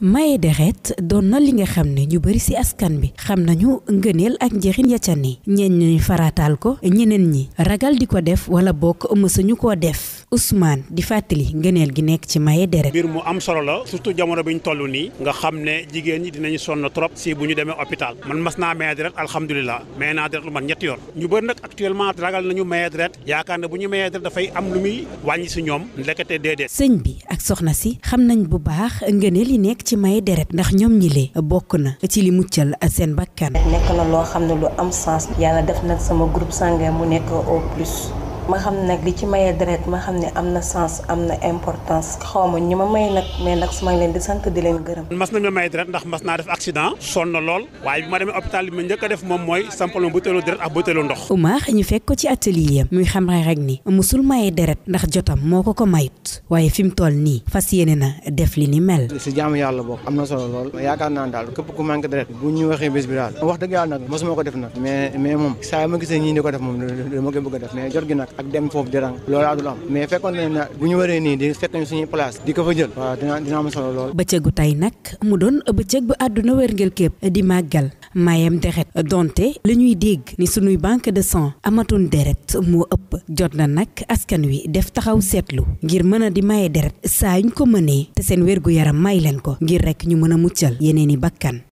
maye deret doon na li nga xam ne ñu bari ci askan bi xam nañu ngëneel ak njëriñ ya ca ne ñeen ñuy farataal ko ñeneen ñi ragal di ko def wala bokk mësuñu ko def Ousmane di fàttali ngëneel gi nekk ci maye deret mbir mu am solo la surtout jamono bi ñu toll nii nga xam ne jigéen ñi dinañu sonn trop si bu ñu demee hôpital man mas naa maye deret alhamdulilah maye naa deret lu man ñetti yoon ñu bëri nag actuellement ragal nañu maye deret yaakaar ne bu ñu maye deret dafay am lu muy wàññi si ñoom ndekete déedéet sëñ bi ak soxna si xam nañ bu baax ngëneel yi nekk ci maye deret ndax ñoom ñi lee bokk na ci li muccal seen bakkan nekk na loo xam ne lu am sens yàlla def nag sama groupe sanguin mu nekk ma xam nag li ci maye deret ma xam ne am na sens am na importance xaw ma ñu ma may nag mais nag su ma leen di sant di leen gërëm. mas nañ ma may deret ndax mas naa def accident. sonn na lool waaye bi ma demee hôpital bi ma njëkk a def moom mooy sampal ma butéelu deret ak butéelu ndox. Oumar ñu fekk ko ci atelier muy xam rek ni musul maye deret ndax jotam moo ko ko mayut waaye fi mu toll nii fas yéene na def li ni mel. si jaamu yàlla bokk am na solo lool yaakaar naa daal képp ku manque deret bu ñu waxee bés bi daal wax dëgg yàlla nag mosuma ko def nag mais mais moom saa ma gisee ñii di ko def moom dama koy bëgg a def mais jot gi nag ak dem foofu di rang loolu adul am mais fekkoon na bu ñu waree nii di fekk ñu suñuy place di ko fa jël waaw dina dina am solo lool bëccëgu tey nag mu doon bëccëg bu àdduna wërngël képp di màggal maayam deret donte li ñuy dégg ni suñuy banque de sang amatoon deret moo ëpp jot na nag askan wi def taxaw seetlu ngir mën a di maye deret saa yuñ ko mënee te seen wérgu yaram may leen ko ngir rek ñu mën a muccal yeneeni bakkan